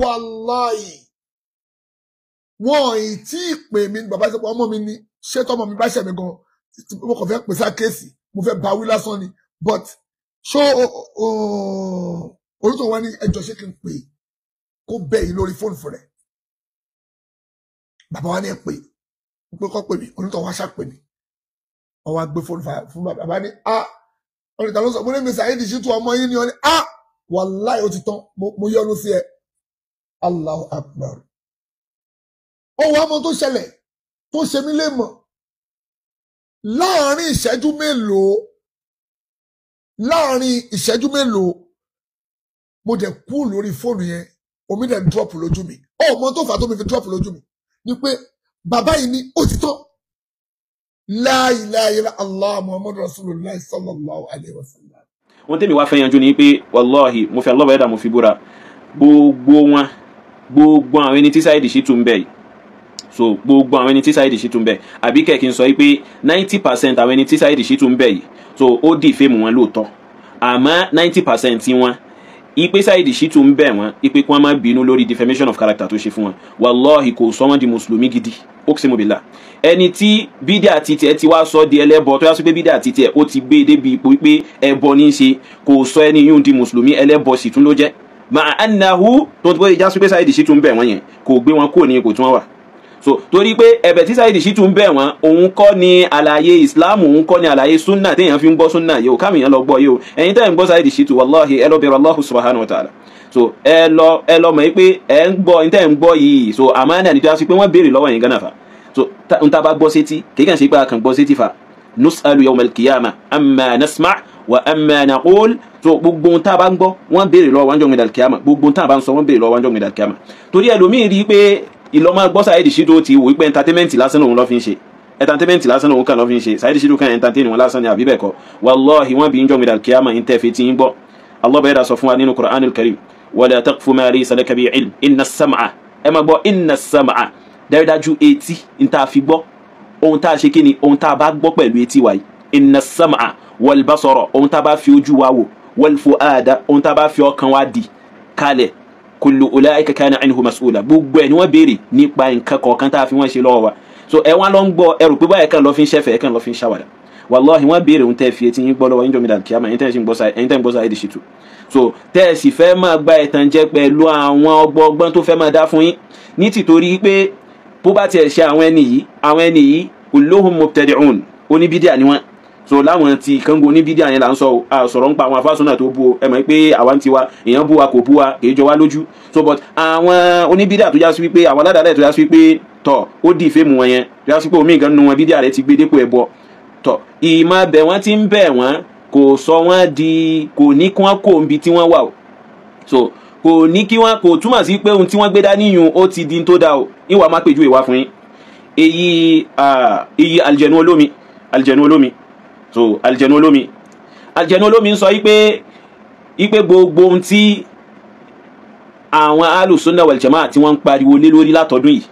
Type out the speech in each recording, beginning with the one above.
wàláì wọn ì tí ì pè mí bàbá ìsọpọ ọmọ mi ni ṣé tọmọ mi bá ṣẹ̀ mí gan mo kàn fẹ́ pèsè àkéèsì mo fẹ́ bá wí lásán ni but ṣó orúkọ wọn ní ẹjọ́ ṣé kí n pè kó bẹ yìí lórí fóònù fún rẹ bàbá wa ní ẹ pè pé kọ́ pè mí onítọ̀ wá ṣàpè mí ọwọ́ agbé fóònù fún bàbá ní a ọ̀rẹ́ta ló sọ pé ní mi sàyẹ́dì ṣètò ọmọ yín ni ọ ní a wàláì ó ti tán mo yọnu sí ẹ Allahu Akbar ohun àmọ́ tó ṣẹlẹ̀ tó ṣe mí lè mọ̀ láàrin ìṣẹ́jú mélòó láàrin ìṣẹ́jú mélòó mo dẹ̀ kú lórí fóònù yẹn omi dẹ̀ dúrọ́pù lójú mi ọmọ tó fà tó mi fi dúrọ́pù lójú mi ni pé bàbá yìí ni ó ti tán la ilaha illa allah muhammadu rasulillah sallallahu alayhi wa sallam. wọ́n tẹ́mi wá fẹ́ yanjú ni pé wàláhì mo fi alọ́bàá ẹ̀dá mo fi búra gbogbo wọn gbogbo àwọn ẹni tí Saheed Shittu ń bẹ so gbogbo àwọn ẹni tí Saheed Shittu ń bẹ àbí kẹ̀kí ń sọ pé ninety percent àwọn ẹni tí Saheed Shittu ń bẹ yìí so ó dì fèmù wọn lóòótọ́ àmọ́ ninety percent wọn ipe Saheed Shittu ń bẹ̀ wọ́n ipe kí wọ́n má bínú lórí defamation of character tó ṣe fún wọn wàláhì kò sọ wọ́n di mùsùlùmí gidi oxymobila ẹni tí bídíà titiẹ̀ ti wá sọ di ẹlẹ́bọ tó yà sọ pé bídíà titiẹ̀ ó ti gbé débi ipò pé ẹbọ ní í ṣe kò sọ ẹni yóò di mùsùlùmí ẹlẹ́bọ sì tún ló jẹ́ ma annahu tó ń pé ìjà sí pé Saheed Shittu ń bẹ̀ wọ́n yẹn kò gbé wọn kúrò ní ipò tí wọ́n wà so torí pé ẹ̀bẹ̀ tí Saheed Shittu ń bẹ̀ wọ́n òun kọ́ ni àlàyé Islam òun kọ́ ni àlàyé sunna téèyàn fi ń gbọ́ sunna yìí o káàmìyàn lọ gbọ́ yìí o ẹ̀yin tẹ́ ń gbọ́ Saheed Shittu wallahi ẹ lọ bẹ̀rẹ̀ Allahu subhanahu wa ta'ala so ẹ lọ ẹ lọ mọ̀ pé ẹ ń gbọ́ ẹ ń gbọ́ yìí so àmánà ni tó yà sí pé wọ́n béèrè lọ́wọ́ yẹn gánà fa so n ta bá gbọ́ sétí kéèkàn sí pé a kàn gbọ́ sétí fa nusalu yawmal qiyamah amma nasma' wà amma naqul tó gbogbo tá a bá ń gbọ́ wọ́n béèrè lọ́wọ́ wájú ọ̀gbìn dàlkíyàmà gbogbo tá a bá ń sọ wọ́n béèrè lọ́wọ́ wájú ọ̀gbìn dàlkíyàmà torí ẹlòmíì rí i pé ìlọ́mọ gbọ́ Saheed Shittu ti wò wípé entertainment lásán lòun lọ́ fi ń ṣe entertainment lásán lòun kàn lọ́ fi ń ṣe Saheed Shittu kan entertain wọn lásán ni àbí bẹ́ẹ̀ kọ́ wallahi wọ́n bí ń jọ̀gbìn dàlkíyàmà ń tẹ́ fi ti ń gbọ́ Allah sọ fún wa nínú Qur'anul Karim wala taqfu ma laysa laka bihi ilm inna sam'a ẹ máa gbọ́ inna sam'a dájúdájú etí ń tá fi gbọ́ ohun tá a ṣe kí ni ohun tá a bá gbọ́ pẹ̀lú etí wa yìí inna wọlbasọrọ ohun tá a bá fi ojú wa wò wọlfuada ohun tá a bá fi ọkàn wa dì kalẹ̀ kullu ulaika kana anhu mas'ula gbogbo ẹ̀ ni wọ́n béèrè nípa nǹkan kọ̀ọ̀kan tá a fi wọ́n ṣe lọ́wọ́ wa so ẹ wọn lọ ń gbọ́ ẹrù pé báyìí kan lọ fi ń ṣẹ̀fẹ̀ ẹ kan lọ fi ń ṣàwàdà wàláhi wọn béèrè ohun tẹ́ fi etí yín gbọ́ lọ́wọ́ yín jọ mi dàn kíámà ẹ̀yin tẹ́ ń gbọ́ sáyé di ṣètò so tẹ́ ẹ sì fẹ́ máa gba ẹ̀tàn jẹ pẹ̀lú àwọn ọgbọ́ngbọ́n tó fẹ́ máa dá fún yín ní tìtorí pé bó bá tiẹ̀ ṣe àwọn ẹni yìí àwọn ẹni yìí kulluhum mubtadi'un oníbídíà ni wọ́n so láwọn ti kángo ní bídíà yẹn là ń sọ sọ̀rọ̀ ń pa àwọn afásúnà tó bu o ẹ mọ̀ pé àwa ń tiwa èèyàn bu wa kò bu wa kì í jọ wá lójú so but àwọn oníbídíà tó já sí wípé àwọn aládàálẹ̀ tó já sí wípé tọ̀ ó dì fíìmù wọn yẹn tó já sí pé omi nǹkan nu wọn bídíà rẹ ti gbé dépò ẹbọ tọ̀ ìmọ̀ bẹ̀ wọ́n ti ń bẹ̀ wọ́n kò sọ wọ́n di kò ní kí wọ́n kó ibi tí wọ́n wà o so kò ní kí wọ́n kò túmọ̀ sí pé ohun tí wọ́n gbé dání yun ó ti di tó dáa o ìwà má pèjú ìwà fún yín èyí èyí olómi àlìjẹ̀nu olómi so aljẹnu olómi aljẹnu olómi ń sọ wípé wípé gbogbo ohun tí àwọn alùsùnà wàlìjẹmà tí wọ́n ń pariwo lé lórí látọdún yìí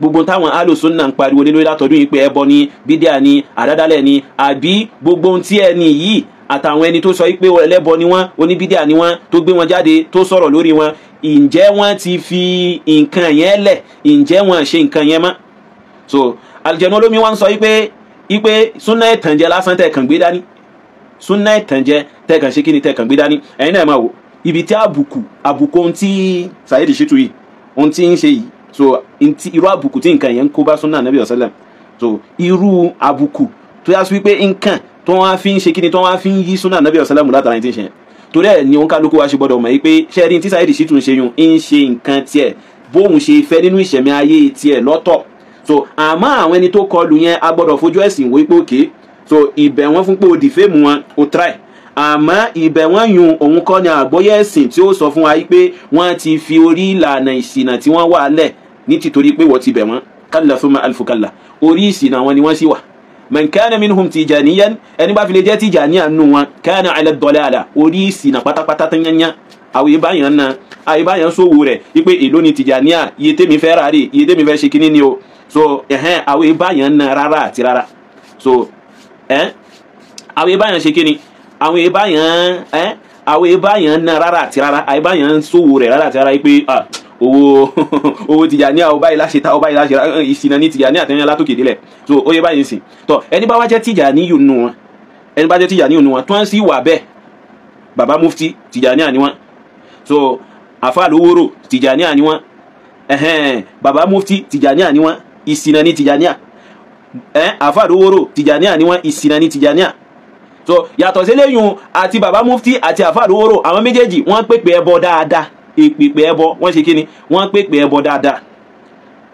gbogbo táwọn alùsùnà ń pariwo lé lórí látọdún yìí pé ẹbọ ni bídíà ni àdádálẹ̀ ni àbí gbogbo ohun tí ẹni yìí àtàwọn ẹni tó sọ wípé ẹlẹ́bọ ni wọ́n oníbídíà ni wọ́n tó gbé wọn jáde tó sọ̀rọ̀ lórí wọn ǹjẹ́ wọ́n ti fi nǹkan yẹn lẹ̀ ǹjẹ́ wọ́n ṣe nǹkan yẹn mọ́ so aljẹnu olómi wọ́n ń sọ wípé ipe súnà ìtànjẹ lásán tẹ̀kàn gbé dání súnà ìtànjẹ tẹ̀kàn ṣe kíni tẹ̀kàn gbé dání ẹ̀yin náà máa wò ibi tí àbùkù àbùkù ohun tí Saheed Shittu yìí ohun tí ń ṣe yìí so irú àbùkù tí nǹkan yẹn ń kó bá súnà nàbí ọ̀sẹ̀lẹ̀ so irú àbùkù tó yá sí wípé nǹkan tó wá fi ń ṣe kíni tó wá fi ń yí súnà nàbí ọ̀sẹ̀lẹ̀ mú látara ẹni ń ṣe yẹn torí ẹ̀ ni òun kálukú wa ṣe gbọ́dọ̀ mọ̀ yìí pé ṣẹ́ẹ́rì tí Saheed Shittu ń ṣe yun ń ṣe nǹkan tiẹ̀ bóun ṣe fẹ́ nínú ìṣẹ̀mí ayé tiẹ̀ lọ́tọ̀ so àmọ́ àwọn ẹni tó kọlù yẹn a gbọ́dọ̀ fojú ẹ̀sìn wò pé òkè so ìbẹ̀ wọn fún pé o dìfẹ́mù wọn o try àmọ́ ibẹ̀ wọ́n yun òun kọ́ ni àgbọ́yé ẹ̀sìn tí ó sọ fún wa pé wọ́n ti fi orí ìlànà ìsìnà tí wọ́n wà lẹ̀ ní tìtorí pé wọ́n ti bẹ̀ wọ́n kálá thumma alfu kálá orí ìsìnà wọn ni wọ́n sì wà. man kana minhum tijaniyan ẹni bá fi lè jẹ́ tijaniyan nù wọn kana ala dalala orí ìsìnà pátápátá tán yányán àwọn yìí báyàn na àyè báyàn sòwò rẹ̀ wípé èló ni Tìjàníyà iye tèmi fẹ́ rà rè iye tèmi fẹ́ ṣe kíní ni o so ẹ̀hẹ́n àwọn yìí báyàn na rárá àti rárá so ẹ̀ àwọn yìí báyàn ṣe kíní àwọn yìí báyàn ẹ̀ àwọn yìí báyàn na rárá àti rárá àyè báyàn sòwò rẹ̀ rárá àti rárá wípé owó owó Tìjàníyà o báyìí láṣẹ ta o báyìí láṣẹ ìsìnà ní Tìjàníyà àtẹnuyà látòkè délẹ̀ so ó yẹ báyìí sìn tọ ẹni bá wá jẹ́ Tìjàní yòónù wọn ẹni bá jẹ́ Tìjàní yòónù wọn tí wọ́n sì wà bẹ́ẹ̀ bàbá mufti Tìjàníyà ni wọ́n so afa lówóró tìjàníà ni wọn ẹhẹn baba mufti Tijani ni wọn ìsìnà ni tìjàníà ẹ afa lówóró Tijani. ni wọn ìsìnà ni tìjàníà so yàtọ̀ sí lẹ́yìn àti baba mufti àti afa lówóró àwọn méjèèjì wọ́n pèpè ẹbọ dáadáa èpèpè ẹbọ wọ́n ṣe kíni wọ́n pèpè ẹbọ dáadáa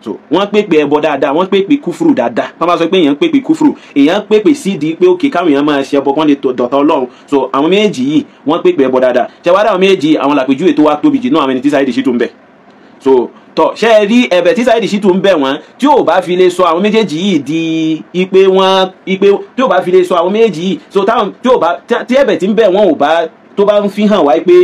so wọ́n pèpè ẹbọ dáadáa wọ́n pèpè kúfùrù dáadáa wọ́n bá sọ pé èèyàn pèpè kúfùrù èèyàn pèpè sídìí pé òkè káwọn èèyàn máa ṣe ẹbọ kán lè dọ̀tá ọlọ́run so àwọn méjì yìí wọ́n pèpè ẹbọ dáadáa ṣẹwádà àwọn méjì àwọn làpèjúwe tó wá tóbi jù náà àwọn ẹni tí Saheed Shittu ń bẹ so tọ ṣe é rí ẹ̀bẹ̀ tí Saheed Shittu ń bẹ wọn tí ò bá fi lè sọ àwọn méjèèjì yìí di ipe wọn ipe tí ò bá fi lè sọ àwọn méjèèjì yìí so táwọn tí ò bá tí ẹ̀bẹ̀ tí ń bẹ wọn ò bá tó bá ń fi hàn wáyé pé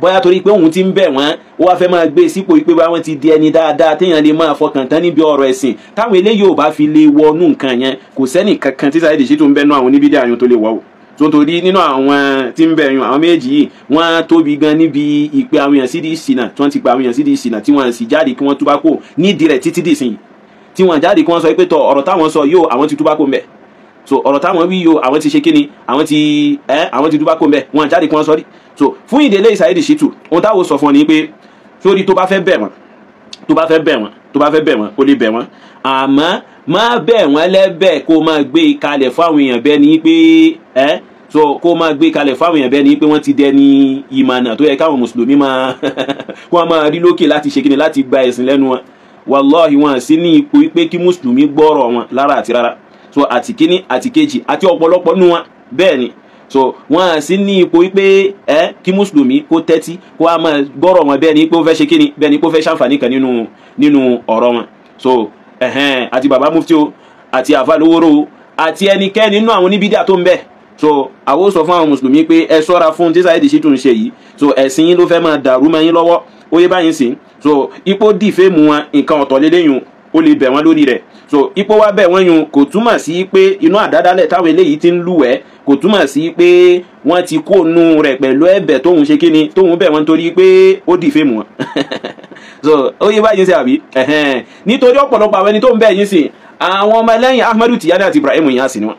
bóyá torí pé òun ti ń bẹ̀ wọ́n ó wá fẹ́ máa gbé sípò pé bá wọ́n ti di ẹni dáadáa téèyàn lè máa fọkàn tán níbi ọ̀rọ̀ ẹ̀sìn táwọn eléyìí ò bá fi lè wọnú nǹkan yẹn kò sẹ́nì kankan tí Saheed Shittu ń bẹ́nu àwọn oníbídé àyùn tó lè wọ̀ wò sotori nínú àwọn tí ń bẹ̀yùn àwọn méjì yìí wọ́n tóbi gan níbi ìpè àwọn èèyàn sídìí ìsìnà tí wọ́n ti pa àwọn èèyàn sídìí ìsìnà tí wọ́n sì jáde kí wọ́n túbá kò nídìí rẹ̀ títí dìsìn tí wọ́n jáde kí wọ́n sọ pé tọ ọ̀rọ̀ táwọn sọ yóò àwọn ti túbá kò mbẹ̀ so ọ̀rọ̀ táwọn wí yóò àwọn ti ṣe kíni àwọn ti ẹ àwọn ti túbá kò mbẹ̀ wọ́n jáde kí wọ́n sọ rí so fún ìdílé ìsàyẹ̀dì ṣìtù ohun táwọn sọ fún ọ ni pé sórí tó bá fẹ́ bẹ̀ wọ́n tó bá fẹ́ bẹ̀ wọ́n tó bá fẹ́ bẹ̀ wọ́n ó lè bẹ̀ wọ́n àmọ́ má bẹ̀ wọ́n lẹ́bẹ̀ kó o máa gbé kalẹ̀ fáwọn èèyàn bẹ́ẹ̀ ni pé ẹ́ so kó o máa gbé kalẹ̀ fáwọn èèyàn bẹ́ẹ̀ ni pé wọ́n ti dẹni ìmọ̀nà tó yẹ káwọn mùsùlùmí máa kó wọn máa rí lókè láti ṣe kíni láti gba ẹ̀sìn lẹ́nu wọn wàláhì wọn sí ní ipò pé kí mùsùlùmí gbọ́rọ̀ wọn lára àti rárá so àti kíní àti kejì àti ọ̀pọ̀lọpọ̀ nù wọn bẹ́ẹ̀ ni so wọn à sí ní ipò wípé ẹ kí mùsùlùmí kó tẹ́tí kó a máa gbọ́rọ̀ wọn bẹ́ẹ̀ ni pé ó fẹ́ ṣe kíni bẹ́ẹ̀ ni pé ó fẹ́ ṣàǹfààní kan nínú nínú ọ̀rọ̀ wọn so ẹ̀hẹ́n àti bàbá mufti o àti àfa lówóró o àti ẹnikẹ́ni nínú àwọn oníbídíà tó ń bẹ so àwọn sọ fún àwọn mùsùlùmí pé ẹ ṣọ́ra fún tí Saheed Shittu ń ṣe yìí so ẹ̀sìn yín ló fẹ́ máa dàrú mọ́ yín lọ́wọ́ ó yẹ báyìí sìn so ipò dìfẹ́mù wọn nǹkan ọ̀tọ̀ lélẹ́yìn ó lè bẹ̀ wọ́n lórí rẹ̀ so ipò wa bẹ̀ wọ́n yun kò túmọ̀ sí pé inú àdádálẹ̀ táwọn eléyìí ti ń lúwẹ̀ẹ́ kò túmọ̀ sí pé wọ́n ti kó nu rẹ̀ pẹ̀lú ẹ̀bẹ̀ tóun ṣe kíni tóun bẹ̀ wọ́n torí pé ó dì fèmù wọn so ó yẹ báyìí sí àbí nítorí ọ̀pọ̀lọpọ̀ àwọn ẹni tó ń bẹ̀ yín sí àwọn ọmọ ẹlẹ́yìn Ahmadu Tijani àti Ibrahim Inyasi ni wọn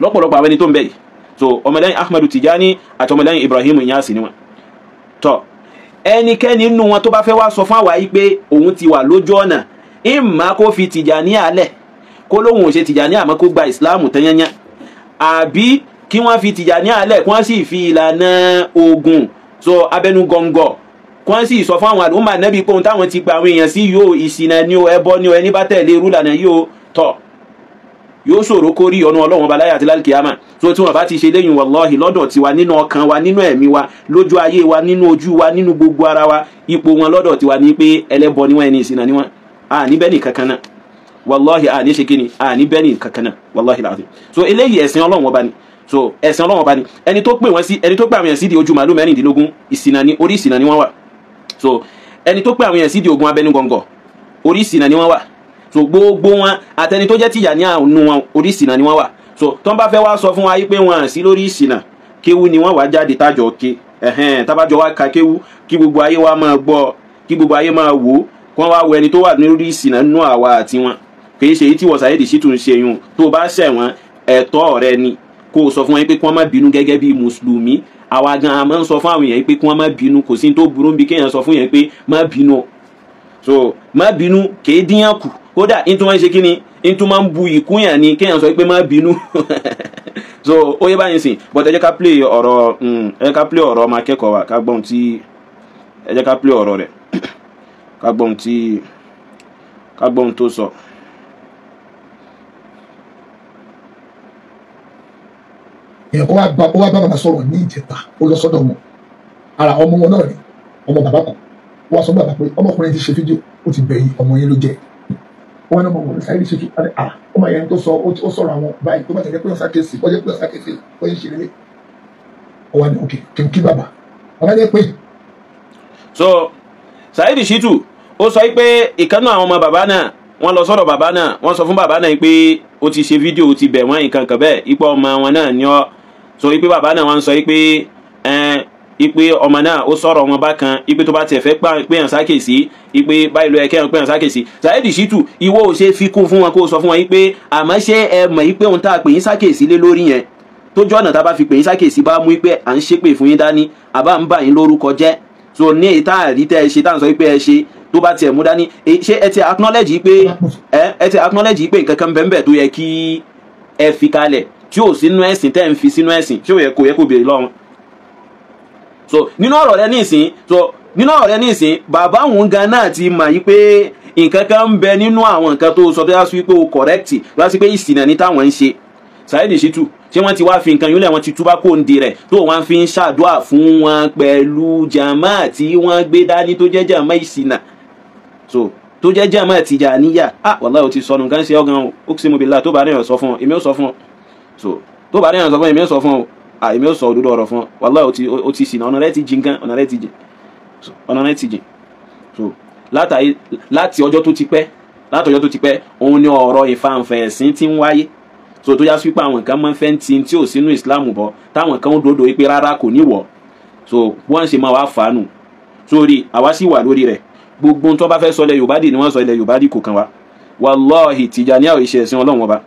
lọ́pọ̀lọpọ̀ àwọn ẹni tó ń bẹ̀ yìí so ọmọ ẹlẹ́yìn Ahmadu Tijani àti ọmọ ẹlẹ́yìn Ibrahim Inyasi ni wọn tọ́ ẹnikẹ́ni nínú wọn tó bá fẹ́ wá sọ fún àwa yìí pé òun ti wà lójú ọ̀nà ìmọ̀ kó fi tìjàníyà alẹ̀ kó lóun ò ṣe tìjàníyà àmọ́ kó gba ìsìláàmù tẹ́yẹ́yẹ́ àbí kí wọ́n fi tìjàníyà alẹ̀ kí wọ́n sì fi ìlànà ogun so abẹnú gọ̀ǹgọ̀ kí wọ́n sì sọ fún àwọn àlùmọ̀ ànábì pé ohun táwọn ti gba àwọn èèyàn sí yóò ìsìnà ni o ẹbọ ni o ẹni bá tẹ̀lé irú lànà yóò tọ̀ yóò ṣòro kó rí ọ̀nà ọlọ́run ọba láyà àti lálùkìyàmà tó tí wọn bá ti ṣe lẹ́yìn wàláhì lọ́dọ̀ tiwa nínú ọkàn wa nínú ẹ̀mí wa lójú ayé wa nínú ojú wa nínú gbogbo ara wa ipò wọn lọ́dọ̀ tiwa ni pé ẹlẹ́bọ ni wọ́n ẹni ìsìnà ni wọ́n a ní bẹ́ẹ̀ ní kankan náà wàláhì a ní ṣe kí ni a ní bẹ́ẹ̀ ní kankan náà wàláhì làásì so eléyìí ẹ̀sìn ọlọ́run ọba ni so ẹ̀sìn ọlọ́run ọba ni ẹni tó pè wọ́n sí ẹni tó pè àwọn èèyàn sí di ojú màálù mẹ́rìndínlógún ìṣìnà ni orí ìṣìnà ni wọ́n wà so ẹni tó pè àwọn èèyàn sí di ogun abẹnugọ̀ngọ̀ orí ìṣìnà ni wọ́n wà so gbogbo wọn àtẹni tó jẹ́ tìyà ní àánú wọn orí ìṣìnà ni wọ́n wà so tó ń bá fẹ́ wá sọ fún wa yí pé wọn sí lórí ìṣìnà kéwu ni wọ́n wá jáde tájọ ké ẹ̀hẹ́n tábàjọ wá ka kéwu kí gbogbo ayé wa máa gbọ́ kí gbogbo ayé máa wò ó kó wá wọ ẹni tó wà lórí ìsìnà nú àwa àti wọn kì í ṣe èyí tí wọ́n ṣàyẹ̀dì sí tún ṣe yun tó bá ṣẹ̀ wọ́n ẹ̀tọ́ rẹ ni kó o sọ fún wọn pé kí wọ́n má bínú gẹ́gẹ́ bí mùsùlùmí àwa gan a máa ń sọ fún àwọn èèyàn pé kí wọ́n má bínú kò sí tó burú bí kéèyàn sọ fún yẹn pé má bínú so má bínú kì í dínyàn kù kódà nítorí wọ́n ṣe kí ni nítorí wọ́n bu ìkúnyàn ni kéèyàn sọ pé má bínú so ó yẹ báyìí sìn but ẹ jẹ́ ká play ọ̀rọ̀ mm, ẹ jẹ́ ká play ọ̀rọ̀ ọmọ akẹ́kọ̀ọ́ wa ká gbọ́n tí ẹ jẹ́ ká play ọ̀rọ̀ rẹ̀ ká gbọ́ ohun tí ká gbọ́ ohun tó sọ. èèyàn kó wá bá ó wá bá bàbá sọ̀rọ̀ ní ìjẹta ó lọ sọ́dọ̀ wọn ara ọmọ wọn náà ni ọmọ bàbá kan ó wá sọ bàbá pé ọmọkùnrin ti ṣe fídíò ó ti bẹ̀yìn ọmọ yẹn ló jẹ́ wọn ní ọmọkùnrin ah, sáré ṣe fídíò à ọmọ yẹn tó sọ ó sọ̀rọ̀ àwọn báyìí tó bá tẹ̀lé pé ọ̀sá kẹsì ó jẹ́ pé ọ̀sá kẹsì ó yẹ ṣe lélẹ̀ ó wá ní òkè kí n kí bàbá bàbá yẹn pé. so Saheed Shittu ó sọ pé ìkànnù àwọn ọmọ bàbá náà wọ́n lọ sọ́dọ̀ bàbá náà wọ́n sọ fún bàbá náà pé ó ti ṣe fídíò ó ti bẹ̀ wọ́n nǹkan kan bẹ́ẹ̀ ipò ọmọ wọn náà ni ọ́ sọ pé bàbá náà wọ́n sọ pé ipe ọmọ náà ó sọ̀rọ̀ wọn bákan ipe tó bá tiẹ̀ fẹ́ péyàn sákèsí ipe báyìí ló yẹ kẹ́hìn péyàn sákèsí Saheed Shittu ìwọ ò ṣe fi kún fún wọn kó o sọ fún wọn yìí pé ṣé ẹ mọ̀ yìí òun tá a pè yín sákèsí lé lórí yẹn tójú ọ̀nà tá a bá fi pè yín sákèsí bá mú pé à ń ṣépè fún yín dání àbá ń bà yín lórúkọ jẹ́ so ní ìta àrí tẹ́ ẹ ṣe tá à ń sọ pé ẹ ṣe tó bá tiẹ̀ mú dání ṣé ẹ ti acknowledge pé ẹ ti acknowledge pé nǹkan kan bẹ́ẹ̀ tó yẹ kí ẹ fi kalẹ̀ tí ò sínú ẹ̀sìn tẹ́ ń fi sínú ẹ̀sìn tí ò yẹ kó yẹ kó béèrè lọ́wọ́ so nínú ọ̀rọ̀ rẹ nísìn so nínú ọ̀rọ̀ rẹ nísìn bàbá òun gan náà ti mọ̀ yí pé nǹkan kan ń bẹ nínú àwọn nǹkan tó sọ bí wọ́n sọ pé o correct wọ́n sọ pé ìsìnà ní táwọn ń ṣe Saheed Shittu ṣé wọ́n ti wá fi nǹkan yúnlẹ̀ wọ́n ti túbá kó ń di rẹ̀ tó wọ́n fi ń ṣàdúà fún wọn pẹ̀lú jàmá tí wọ́n gbé dání tó jẹ́ jàmá ìsìnà so tó jẹ́ jama Tijaniyya ah wàláhì o ti sọnù nǹkan ṣe ọ̀gán ó sì mú bi la tó bá rẹ̀yàn sọ fún ọ èmi ó sọ fún ọ so tó bá rẹ̀yàn sọ fún ọ èmi ó sọ fún ọ ah èmi ó sọ òdodo ọ̀rọ̀ fún ọ wàláhì o ti o ti sìn ọ̀nà rẹ ti jìn gan ọ̀nà rẹ ti jìn ọ̀nà rẹ ti jìn so láti ọjọ́ tó ti pẹ́ láti ọjọ́ tó ti pẹ́ òun ni ọ̀rọ̀ ìfanfẹ̀ ẹ̀sìn ti ń wáyé so tó yá sí pé àwọn nǹkan máa ń fẹ́ ti tí ò sínú Islam bọ́ táwọn kan ń dodo pé rárá kò ní wọ̀ so wọ́n ń ṣe máa wá fàánù sórí àwa sì wà lórí rẹ̀ gbogbo tó bá fẹ́ sọ ilẹ̀ yorùbá dì ni wọ́n sọ ilẹ̀ yorùbá dì kò kàn wá wàlọ́ọ̀hì tìjàníà ìṣe ẹ̀sìn ọlọ́run ọba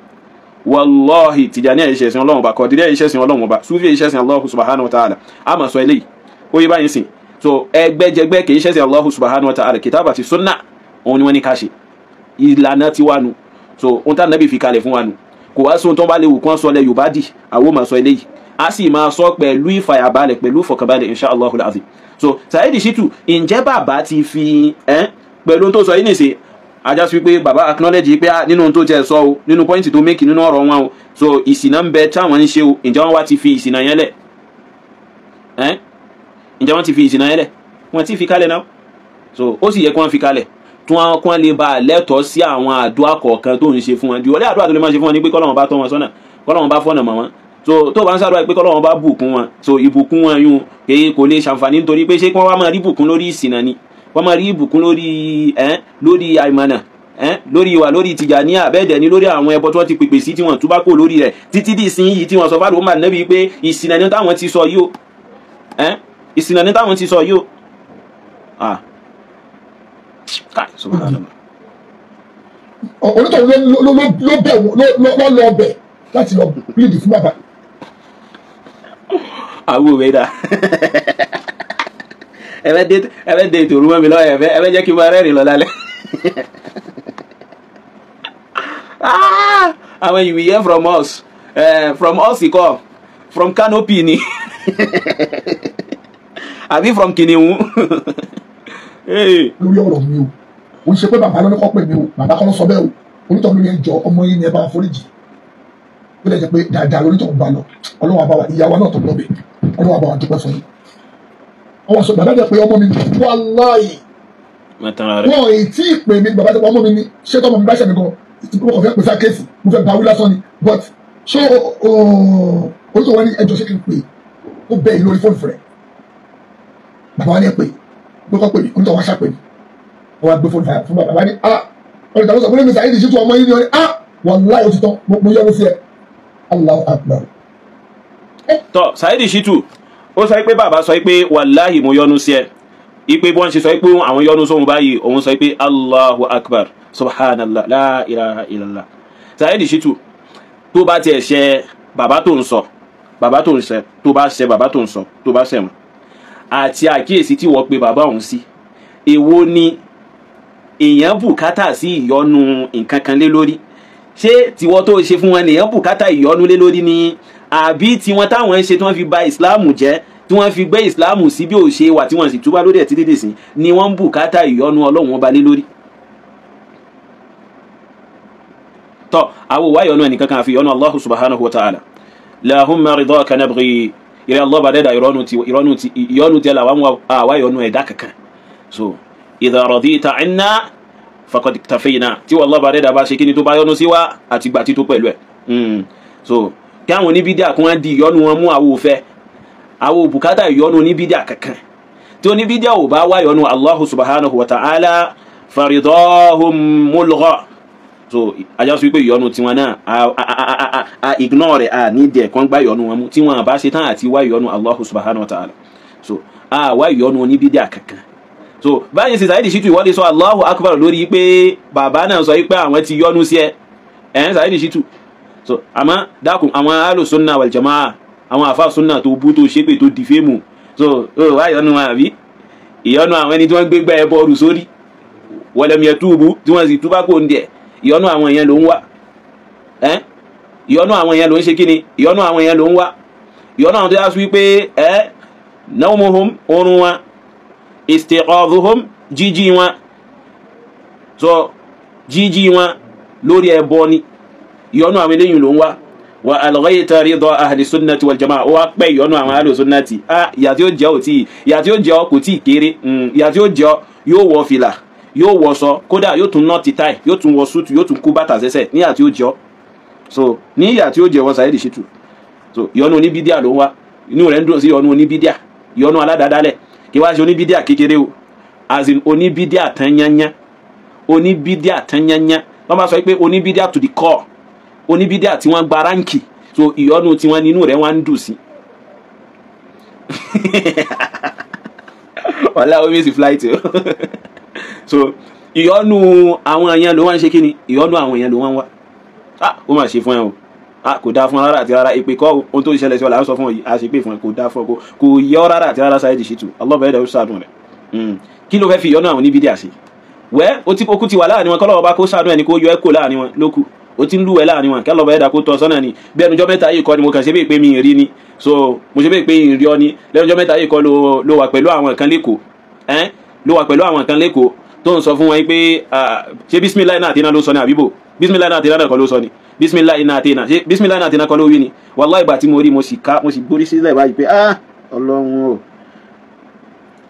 wàlọ́ọ̀hì tìjàníà ìṣe ẹ̀sìn ọlọ́run ọba kọ̀dílẹ̀ ìṣe ẹ̀sìn ọlọ́run ọba súfì ìṣe ẹ̀sìn Allahu subhanahu wa ta'ala a máa sọ eléyìí ó yẹ báyìí sìn so ẹgbẹ́jẹgbẹ́ kì í ṣe ẹ̀sìn Allahu subhanahu wa ta'ala kìtàbà ti sunna òun ni wọ́n ní ká ṣe ìlànà ti wánu so ohun tá nàbì fi kalẹ̀ fún wánu kò wá sí ohun tó bá léwu kí wọ́n sọ ilẹ̀ yorùbá dì àwọn ò máa sọ eléyìí a sì máa sọ pẹ̀lú ìfàyàbalẹ̀ pẹ̀lú ìfọ̀kànbalẹ̀ insha Allahul azim so Saheed Shittu ǹjẹ́ bàbá ti fi ẹ́ pẹ̀lú tó sọ yìí nìṣe ajá sí pé bàbá acknowledge pé ah nínú tó jẹ́ sọ o nínú pọ́ìntì tó mékì nínú ọ̀rọ̀ wọn o so ìsìnà ń bẹ táwọn ń ṣe o ǹjẹ́ wọ́n wá ti fi ìsìnà yẹn lẹ̀ ẹ́ ǹjẹ́ wọ́n ti fi ìsìnà yẹn lẹ̀ wọ́n ti fi kalẹ̀ náà so ó sì yẹ kí wọ́n fi kalẹ̀ tún àwọn kan lè ba lẹ́tọ̀ọ́ sí àwọn àdúrà kọ̀ọ̀kan tó ń ṣe fún wọn ju ọlẹ́ àdúrà tó lè máa ṣe fún wọn ní pé kọ́lọ́wọ́n bá tọ́ wọn sọ́nà kọ́lọ́wọ́n bá fọ́nà mọ́ wọn so tó bá ń ṣàdúrà pé kọ́lọ́wọ́n bá bùkún wọn so ìbùkún wọn yún pé kò lè ṣàǹfààní nítorí pé ṣé kí wọ́n wá máa rí bùkún lórí ìsìnà ni wọ́n máa rí bùkún lórí ẹ̀ lórí àìmọ̀nà ẹ̀ lórí ìwà lórí Tìjàníyà bẹ́ẹ̀ dẹ̀ ni lórí àwọn ẹbọ tí wọ́n ti pèpè sí tí wọ́n túbá kò lórí rẹ̀ títí dì sí yìí tí wọ́n sọ fáwọn máa nẹ́bi pé ìsìnà ni táwọn ti sọ yìí o ẹ̀ ìsìnà ni táwọn ti sọ yìí o ah káì subhanallah onítọ̀hún ló lọ bẹ̀ láti lọ bíléèdì fún bàbá yìí àbúrò bẹ́ẹ̀ dà ẹ bẹ dé ẹ mi lọ́wọ́ ẹ bẹ ẹ bẹ jẹ́ kí n máa rẹ́rìn lọ lálẹ́ and when you hear from us uh, from us ikọ from canopy ni àbí from kìnìún. lórí ọ̀rọ̀ mi o kò ń ṣe pé bàbá lọ́nà kọ́ pè mí o bàbá kan sọ bẹ́ẹ̀ o onítọ̀ọ́ mi ni ẹ jọ ọmọ yìí ni ẹ bá foríjì ó lè jẹ́ pé dáadáa lórí tó ń bá lọ ọlọ́wọ́ àbáwá ìyàwó náà tó lọ bẹ̀ ọlọ́wọ́ àbáwá dúpẹ́ fún yín. ọwọ́ sọ bàbá jẹ́ pé ọmọ mi wàláì wọn ì tí ì pè mí bàbá jẹ́ pé ọmọ mi ni ṣé tọ́mọ mi bá ṣẹ̀mí gan mo kàn fẹ́ pèsè àkéèsì mo fẹ́ báwí lásán ni but ṣé orí tó wọ́n ní ẹjọ́ ṣé kí n pè ó bẹ́ ì lórí fóònù rẹ̀ bàbá wa ní ẹ pè pé kọ́ pè mí nítorí wọ́n ṣàpè mí wọ́n wá gbé fóònù fún bàbá wa ní ah ọ̀rẹ́ta ló sọ fún mi sàyẹ́dì ṣètò ọmọ yìí ni wọ́n ní ah wàláì ó ti tán mo yọ ọ́ sí ẹ Allahu akbar. tọ Saidi Shittu ó sọ pé bàbá sọ pé wàláhì mo yọnu sí ẹ ipe bí wọn ṣe sọ pé àwọn yọnu sóhun báyìí òun sọ pé Allahu akbar subhanallah la ilaha illallah Saidi Shittu tó bá tiẹ̀ ṣe bàbá tó ń sọ bàbá tó ń ṣe tó bá ṣe bàbá tó ń sọ tó bá ṣe wọn àti àkíyèsí tí wọ́n pe bàbá òun sí èwo ni èèyàn bùkátà sí ìyọnu nǹkan kan lé lórí ṣé tiwọ́ tó ṣe fún wọn nìyẹn bùkátà ìyọnulé lórí ni àbí tiwọn táwọn ń ṣe tí wọ́n fi ba ìsìláàmù jẹ́ tí wọ́n fi gbé ìsìláàmù sí bí ò ṣe wà tí wọ́n sì túbá lórí ẹ̀ títí dìsín ni wọ́n ń bùkátà ìyọnu ọlọ́run ọba lé lórí. tọ́ àwọn òwá ìyọnu ẹnìkan kan àfi ìyọnu Allahu subhanahu wa ta'ala lahumma ridaka nabghi ìrẹ́ ọlọ́ba dẹ́dà ìyọnu tiẹ̀ làwọn àwa ìyọnu ẹ̀dá fakọdì tàfẹ́yìn náà tí wọ́n lọ́ba rẹ̀dá bá ṣe kí ni tó bá yọnu sí wa àti gbà tító pẹ̀lú ẹ̀ hmm. so kí àwọn oníbídíà kí wọ́n di ìyọnu wọn mú àwọn òfẹ́ àwọn òbùkátà ìyọnu oníbídíà kankan tí oníbídíà ò bá wá ìyọnu Allahu subhanahu wa ta'ala faridọ́hùn múlùkọ́ so ajá wípé ìyọnu tiwọn náà a ignore a ní díẹ̀ kán gbá ìyọnu wọn mú tí wọn bá àti wá ìyọnu Allahu subhanahu wa ta'ala so a wá ìyọnu oníbídíà kankan so báyìí sì Saheed Shittu ìwọ́de sọ Allahu Akbar lórí pé bàbá náà sọ pé àwọn ti yọ́nú sí ẹ ẹ̀ Saheed Shittu so àmọ́ dákun àwọn alu sunna wal jamaa àwọn àfa sunna tó bú tó ṣépè tó di fíìmù so wá ìyọnu wọn àbí ìyọnu àwọn ẹni tí wọ́n gbégbá ẹ bọ́ọ̀lù sórí walam yatubu tí wọ́n sì túbá kó ń dẹ̀ ìyọnu àwọn yẹn ló ń wá ẹ́ ìyọnu àwọn yẹn ló ń ṣe kíni ìyọnu àwọn yẹn ló ń wá ìyọnu àwọn tó yá sí wípé ẹ́ náwó istiqaduhum jíjí wọn so jíjí wọn lórí ẹbọ ni ìyọnu àwọn eléyìn ló ń wá wa alghayta ridha ahli sunnati wal jamaa ó wá pẹ́ ìyọnu àwọn ahli sunnati a ìyà tí ó jẹ́ ò tí ìyà tí ó jẹ́ ọ kò tí ì kéré mm, ìyà tí ó jẹ́ ọ yóò wọ fìlà yóò wọ sọ kódà yóò tún nọ́ọ̀tì táì yóò tún wọ súùtù yóò tún kú bàtà sẹ́sẹ̀ ní ìyà tí ó jẹ́ ọ so ní ìyà tí ó jẹ́ wọ sàyẹ́dì ṣètù so ìyọnu oníbídíà ló ń wá inú rẹ̀ ń dùn sí ìyọnu oníbídíà ìyọnu aládàádálẹ̀ kí wá ṣe oníbídíà kékeré o as in oníbídíà tán yányá oníbídíà tán yányá wọ́n bá sọ pé oníbídíà to the core oníbídíà tí wọ́n gba ráǹkì so ìyọnu tí wọ́n nínú rẹ̀ wọ́n ń dùn sí. wàhálà omi sì flight o so ìyọnu àwọn èèyàn ló wá ń ṣe kí ni ìyọnu àwọn èèyàn ló wá ń wá ah ó mà ṣe fún ẹ o Ah, kò dáa fún rárá àti rárá ìpè kọ́ ohun tó ṣẹlẹ̀ sí ọ là ń sọ fún ọ yìí a sì pè fún ẹ kò dáa fún ọ kò yẹ ọ rárá àti rárá Saheed Shittu ọlọ́bàá ẹ̀dá ó ṣàdùn rẹ̀ hmm. kí ló fẹ́ fi ìyọ́nú àwọn oníbídìí àṣe wẹ́ o ti wà láàrin wọn kọ́lọ́wọ́ bá kó ṣàdùn ẹni kó yọ ẹ́ kó láàrin wọn lókù o ti ń lúwẹ̀ láàrin wọn kẹ́lọ́bà ẹ̀dá kó tọ́ sọ́nà ni bí ẹnujọ́ mẹ́ta yìí kọ́ ni mo kàn ṣe bí ìpè mi ìrí ni so mo ṣe bí ìpè ìrí ọ ni lẹ́nujọ́ mẹ́ta yìí kọ́ ló wà pẹ̀lú àwọn kan lẹ́kọ̀ọ́ ẹ́n ló wà pẹ̀lú àwọn kan lẹ́kọ̀ọ́ tó ń sọ fún wọn pé ṣé bísímìláì náà àti iná ló sọ ni àbíbò bísímìláì náà àti iná náà kọ́ ló sọ ni bisimilayi náà àti náà ṣe bisimilayi náà àti náà kọ́ ló wí ni wàláhì ìgbà tí mo rí mo sì ká mo sì gbórí sílẹ̀ báyìí pé ah ọlọ́run o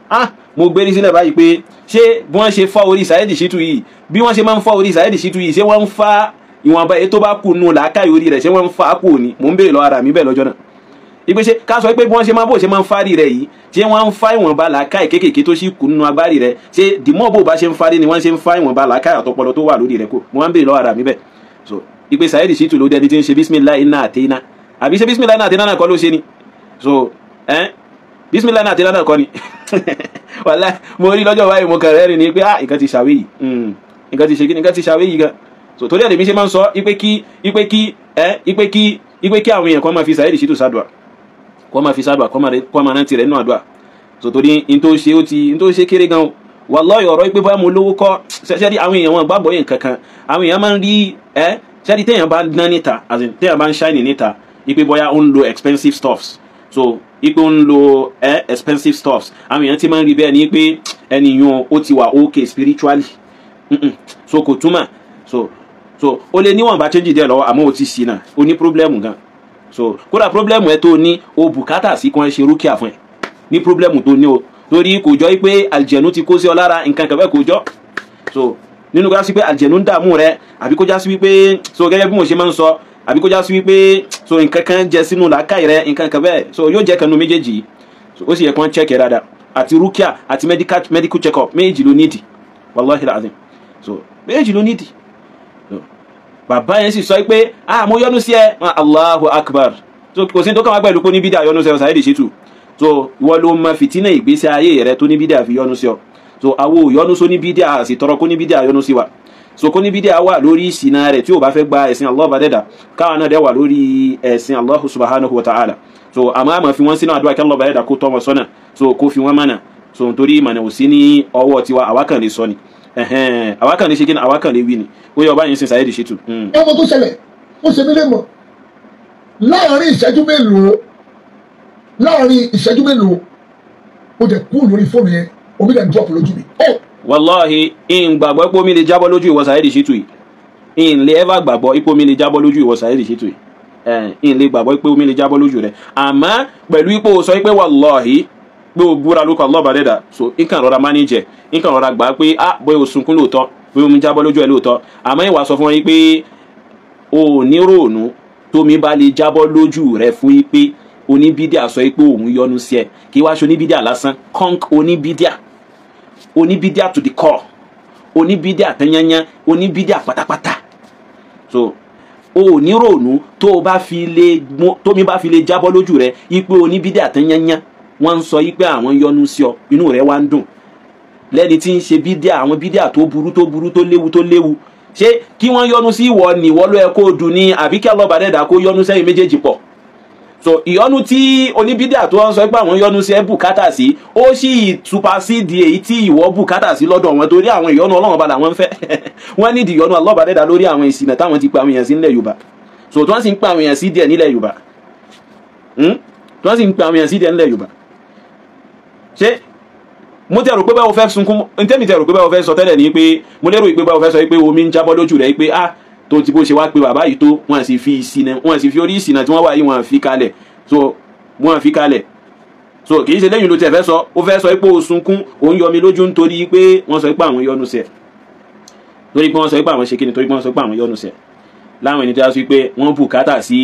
ah mo gbérí sílẹ̀ báyìí pé ṣé bí wọ́n ṣe fá orí Saheed Shittu yìí bí wọ́n ṣe máa ń fá orí Saheed Shittu yìí ṣé wọ́n ń fá ìwọ̀nba ètò bá kù nù làákàyè orí rẹ̀ ṣé wọ́n ń fá kù ni mò ń béèrè lọ ara mi bẹ́ẹ̀ lọ́jọ́ náà ìpè ṣe ká sọ pé bí wọ́n ṣe máa bò ṣe máa ń fárí rẹ̀ yìí ṣé wọ́n ń fá ìwọ̀nba làákàyè kéékèèké tó sì kù nínú agbárí rẹ̀ ṣé dìmọ́ bò bá ṣe ń fárí ni wọ́n ṣe ń fá ìwọ̀nba làákàyè àtọpọlọ tó wà lórí rẹ̀ kù mo ń béèrè lọ ara mi bẹ́ẹ̀ so ìpè Saheed Shittu ló dẹni tí ń ṣe bisimilahi iná àti iná àbí ṣe bisimilahi iná àti náà kọ́ ló ṣe ni so ẹ́n bisimilahi iná àti iná náà kọ́ ni wàlá mo rí lọ́jọ́ báyìí mo kàn rẹ́rìn ni pé ah nǹkan ti ṣàwéyì hmm, nǹkan ti ṣe kí nǹkan ti ṣàwéyì gan so torí ẹ̀dẹ̀mí ṣe máa ń sọ ipe kí ipe kí ẹ ipe kí ipe kí àwọn èèyàn kan máa fi Saheed Shittu sádùá kọ́ máa fi sádùá kọ́ máa so torí n tó ṣe ó ti n tó ṣe kéré gan o wàlọ́ọ̀yọ̀ ọ̀rọ̀ ipe bóyá mo lówó kọ́ ṣẹ́ṣẹ́ rí àwọn èèyàn wọn gbàgbọ́ yẹn kankan àwọn èèyàn máa ń rí ṣáàdì téèyàn bá ná níta as in téèyàn bá ń ṣáìnì níta ipe bóyá ó ń lo expensive stuffs so ipe ó ń lo eh, expensive stuffs àwọn èèyàn ti máa ń rí bẹ́ẹ̀ ni pé ẹnìyàn ó ti wà okay spiritually mm -mm. so kò túmọ̀ so so o lè níwọ̀nba change díẹ̀ lọ́wọ́ àmọ́ o ti sí náà o ní problem gan so kódà problem ẹ tó ní o bùkátà sí kan ṣe rúkìá fún ẹ ní problem tó ní o torí kò jọ pé àlìjẹ̀nu ti kó sí ọ lára nǹkan kan kò jọ so nínú kó já sí pé àlìjẹ̀nù ń dààmú rẹ àbí kó já wípé so gẹ́gẹ́ bí mo ṣe máa ń sọ àbí kó já wípé so nǹkan kan jẹ sínú làákàyè rẹ nǹkan kan bẹ́ẹ̀ so yóò jẹ́ kanú méjèèjì ó sì yẹ kán chẹ́kì dáadáa àti rúkìá àti medical medical check up méjì ló nídìí wàláhi làzim so méjì ló nídìí bàbá yẹn sì sọ pé ah mo yọnu sí ẹ Allahu Akbar so kò sí dókàn wá pẹ̀lú pé níbi dà yọnu sí ẹ ọ̀sán ṣètù so ìwọ ló mọ fìtínà ìgbésí ayé rẹ tó níbi dà fi yọnu sí ọ so awo yọnu sóní bidia a sì tọrọ kó ní bídíà yọnu sí wa so kó ní bídíà wà lórí ìsìnà rẹ̀ tí o bá fẹ́ gba ẹ̀sìn Allah bá dẹ́dà káwọn náà dẹ́ wà lórí ẹ̀sìn Allah subhanahu wa ta'ala so àmọ́ àmọ́ fi wọ́n sínú àdúrà kí Allah bá dẹ́dà kó tọ́ wọn sọ́nà so kó fi wọ́n mọ̀nà so nítorí ìmọ̀nà ò sí ní ọwọ́ tiwa àwa kàn lè sọ ni àwa kàn lè ṣe kí ni àwa lè wí ni ó yẹ ọba yìí sin Saheed Shittu. Hmm. ẹ tó ṣẹlẹ̀ ó ṣe mí lè mọ̀ láàárín ìṣẹ́jú mélòó láàárín ìṣẹ́jú mélòó ó dẹ̀ kú lórí fóònù yẹn omi dẹ̀ drop lójú mi. Oh! wàláhì n gbàgbọ́ pé omi lè jábọ́ lójú ìwọ Saheed Shittu yìí n lè ever gbàgbọ́ pé omi lè jábọ́ lójú ìwọ Saheed Shittu yìí eh, n lè gbàgbọ́ pé omi lè jábọ́ lójú rẹ̀ àmọ́ pẹ̀lú ipò sọ pé wàláhì pé o búra lóko ọlọ́ọ̀bà dẹ́dà so nǹkan rọra mánìjẹ nǹkan rọra gbà pé ah bóyá o sunkún lóòótọ́ bóyá omi jábọ́ lójú ẹ lóòótọ́ àmọ́ ìwà sọ fún wọn pé o ò ní ròònù tómi bá lè jábọ́ lójú rẹ fún yìí pé oníbídíà sọ pé òun yọnu sí ẹ kí wá ṣe oníbídíà lásán conk oníbídíà oníbídíà to the core oníbídíà tẹ́yányán oníbídíà pátápátá so o ní ròònú tó o bá fi lè tómi bá fi lè jábọ́ lójú rẹ ipe oníbídíà tẹ́yányán wọ́n ń sọ pé àwọn yọnu sí ọ inú rẹ wá ń dùn lẹ́ni tí ń ṣe bídíà àwọn bídíà tó burú tó burú tó léwu tó léwu ṣé kí wọ́n yọnu sí ìwọ nìwọ ló kó o dùn ní àbí kí alọ́bàdẹ́dà kó yọnu sẹ́yìn méjèèjì pọ̀ so ìyọnu tí oníbídíà tó ń sọ pé àwọn ìyọnu sí ẹ bùkátà sí ó sì tupasídìí èyí tí ìwọ bùkátà sí lọ́dọ̀ wọn torí àwọn ìyọnu ọlọ́run bá làwọn ń fẹ́ wọ́n ní ìdìyọnu alọ́bàdẹ́dà lórí àwọn ìsìnà táwọn ti pa àwọn èèyàn sí nílẹ̀ yorùbá so tí wọ́n sì ń pa àwọn èèyàn sí díẹ̀ nílẹ̀ yorùbá hmm? tí wọ́n sì ń pa àwọn èèyàn sí díẹ̀ nílẹ̀ yorùbá ṣé mo tẹ̀rù pé báwo fẹ́ sunkún ntẹ́mi tẹ̀rù pé báwo fẹ́ sọ tẹ́lẹ̀ ni pé mo lérò pé báwo fẹ́ sọ pé omi ń jábọ́ lójú rẹ̀ pé ah tó ti bó ṣe wá pé bàbá yìí tó wọ́n sì fi ìsìnà wọ́n sì fi orí ìsìnà tí wọ́n wà yìí wọ́n fi kalẹ̀ so wọ́n fi kalẹ̀ so kì í ṣe lẹ́yìn ló tẹ̀ fẹ́ sọ ó fẹ́ sọ pé ó sunkún òun yọmi lójú nítorí pé wọ́n sọ pé àwọn yọnu sẹ̀ torí pé wọ́n sọ pé àwọn ṣe kí ni torí pé wọ́n sọ pé àwọn yọnu sẹ̀ láwọn ẹni tó yà sọ pé wọ́n bùkátà sí